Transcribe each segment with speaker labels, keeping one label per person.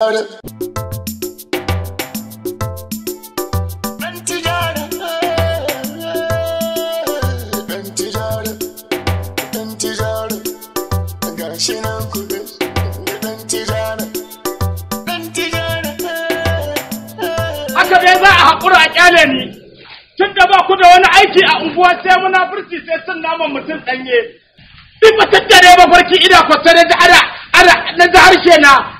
Speaker 1: Loaded. haka za a haƙura a ƙyale ni tun da ba ku da wani aiki a unguwa sai munafurci sai sun naman mutum ɗanye duk ba tattare ba farki ina kwatsa da ada na ji harshe na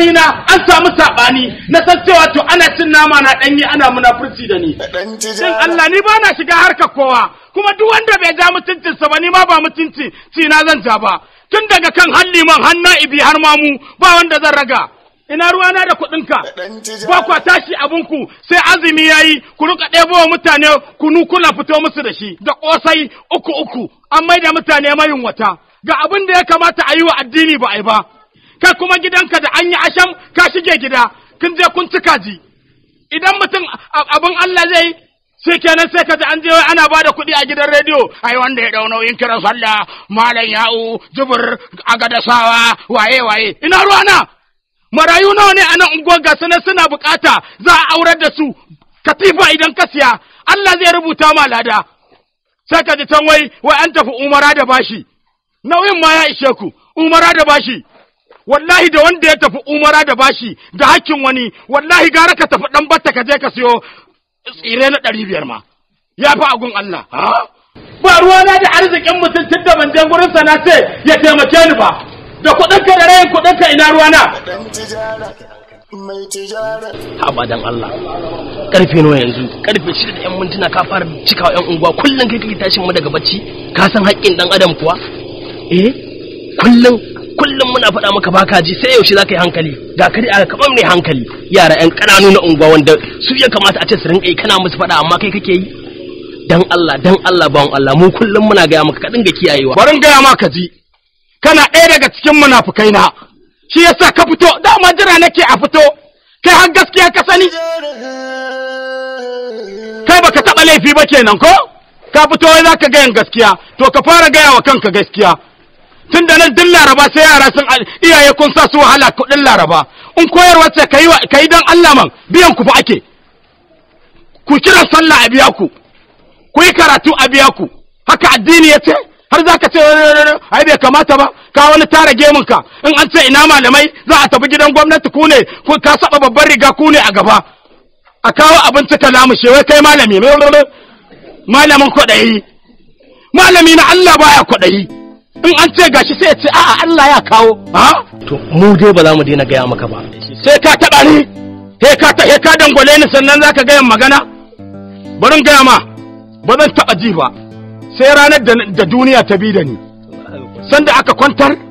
Speaker 1: ji na an samu saɓani na san cewa to ana cin nama na ɗanyi ana munafurci da ni. Shin Allah ni ba na shiga harkar kowa kuma duk wanda bai ja mutuncin sa ba ni ma ba mutunci ci na zan ja ba. Tun daga kan halli man har na'ibi har mamu ba wanda zan raga. ina ruwana da kuɗinka ba kwa tashi abinku sai azumi ya yi ku rika ɗebo wa mutane kunu kuna fito musu da shi da ƙosai uku uku an mai da mutane mayunwata ga abin da ya kamata a yi wa addini ba a yi ba kai kuma gidanka da an yi asham ka shige gida kun je kun ci kaji idan mutum abin Allah zai sai kenan sai ka ji an je ana ba da kuɗi a gidan rediyo ai wanda ya dau nauyin kiran sallah malam ya'u jubur agadasawa waye waye ina ruwa na? marayu nawa ne a nan unguwar ga suna bukata za a aurar da su katifa idan ka siya Allah zai rubuta ma lada sai ka ji can wai wai an tafi umara da bashi nauyin ma ya ishe ku umara da bashi wallahi da wanda ya tafi umara da bashi da hakkin wani wallahi gara ka tafi dan batta ka je ka siyo tsire na ɗari biyar ma ya fi agun Allah ba ruwa na da arzikin mutum tun da ban je gurin sa na ce ya taimake ni ba da kuɗin ka da rayin kuɗin ka ina ruwa
Speaker 2: haba dan Allah
Speaker 1: karfe nawa yanzu karfe shida da yan
Speaker 2: mintuna ka fara cikawa yan unguwa kullum kai kake tashin mu daga bacci ka san haƙƙin dan adam kuwa eh kullum kullum muna faɗa maka baka ji sai yaushe zaka yi hankali ga kari a kamar mai hankali yara yan kananu na unguwa wanda su ya kamata a ce su rinka yi kana musu faɗa amma kai kake yi dan Allah dan Allah bawon Allah mu kullum muna gaya maka ka dinga kiyayewa bari
Speaker 1: gaya maka ji kana ɗaya daga cikin munafukai na shi yasa ka fito dama jira nake a fito kai har gaskiya ka sani kai baka taɓa laifi ba kenan ko ka fito wai zaka gayan gaskiya to ka fara gaya wa kanka gaskiya tun da nan din laraba sai yara sun iyaye kun sa su wahala kuɗin laraba in koyarwa ce ka yi don Allah man biyan ku fa ake ku kira sallah a biya ku ku yi karatu a biya ku haka addini ya ce har za ka ce ai bai kamata ba ka wani tara ka in an ce ina malamai za a tafi gidan gwamnati ku ne ka saba babban riga ku ne a gaba a kawo abinci ka lamushe wai kai malami malamin kwaɗayi malami na Allah baya kwaɗayi in an ce gashi sai ya ce a'a Allah ya kawo ha
Speaker 2: to mu dai ba za mu daina gaya maka ba
Speaker 1: sai ka taɓa ni sai ka ta ka dangwale ni sannan zaka gaya magana barin gaya ma ba zan taɓa ji ba sai ranar da duniya ta bi da ni sanda aka kwantar